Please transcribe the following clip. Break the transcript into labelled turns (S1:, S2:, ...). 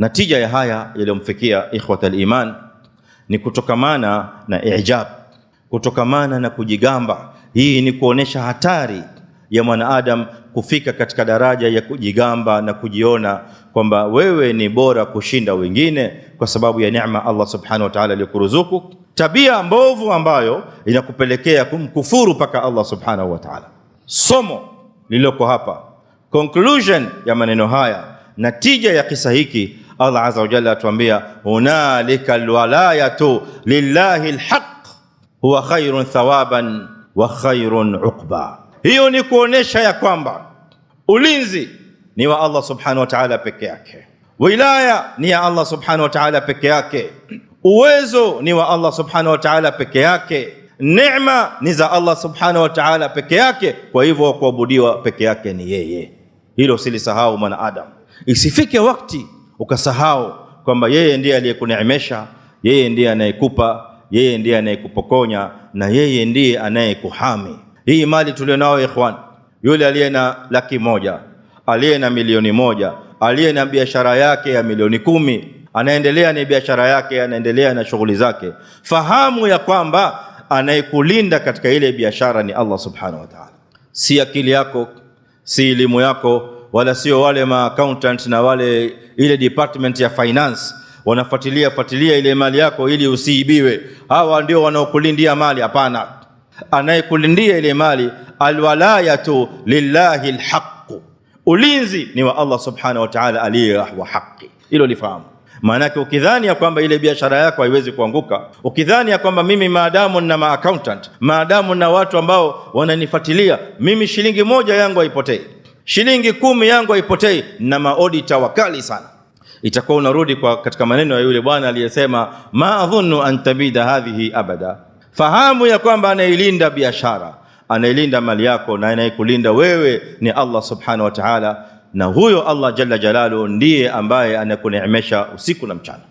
S1: Natija ya haya yaliyomfikia ikhwat aliman ni kutokamana na ijab, kutokamana na kujigamba. Hii ni kuonesha hatari ya mwanaadam kufika katika daraja ya kujigamba na kujiona kwamba wewe ni bora kushinda wengine kwa sababu ya neema Allah subhanahu wa ta'ala aliyokuruzuku, tabia mbovu ambayo inakupelekea kumkufuru mpaka Allah subhanahu wa ta'ala. Somo lililoko hapa, conclusion ya maneno haya, natija ya kisa hiki Allah azza wa jalla atuambia hunalika alwalayatu lillahi alhaq huwa khairun thawaban wa khairun uqba. Hiyo ni kuonesha ya kwamba ulinzi ni wa Allah subhanahu wa ta'ala peke yake, wilaya ni ya Allah subhanahu wa ta'ala peke yake, uwezo ni wa Allah subhanahu wa ta'ala peke yake, neema ni za Allah subhanahu wa ta'ala peke yake. Kwa hivyo wa kuabudiwa peke yake ni yeye. Hilo silisahau mwanadamu, isifike wakati ukasahau kwamba yeye ndiye aliyekuneemesha, yeye ndiye anayekupa, yeye ndiye anayekupokonya na yeye ndiye anayekuhami. Hii mali tulionayo ikhwan, yule aliye na laki moja, aliye na milioni moja, aliye na biashara yake ya milioni kumi, anaendelea na biashara yake, anaendelea na shughuli zake, fahamu ya kwamba anayekulinda katika ile biashara ni Allah subhanahu wa ta'ala, si akili yako, si elimu yako wala sio wale ma accountant na wale ile department ya finance wanafuatilia fuatilia ile mali yako ili usiibiwe. Hawa ndio wanaokulindia mali? Hapana, anayekulindia ile mali alwalayatu lillahi lhaqu, ulinzi ni wa Allah subhanahu wa ta'ala aliye wa haki. Hilo lifahamu. Maanake ukidhani ya kwamba ile biashara yako haiwezi kuanguka, ukidhani ya kwamba mimi maadamu na ma accountant, maadamu na watu ambao wananifuatilia mimi, shilingi moja yangu haipotei shilingi kumi yangu haipotei, na maodita wakali sana. Itakuwa unarudi kwa katika maneno ya yule bwana aliyesema, ma adhunnu an tabida hadhihi abada, fahamu ya kwamba anailinda biashara, anailinda mali yako, na anayekulinda wewe ni Allah subhanahu wa ta'ala, na huyo Allah jalla jalalu ndiye ambaye anakuneemesha usiku na mchana.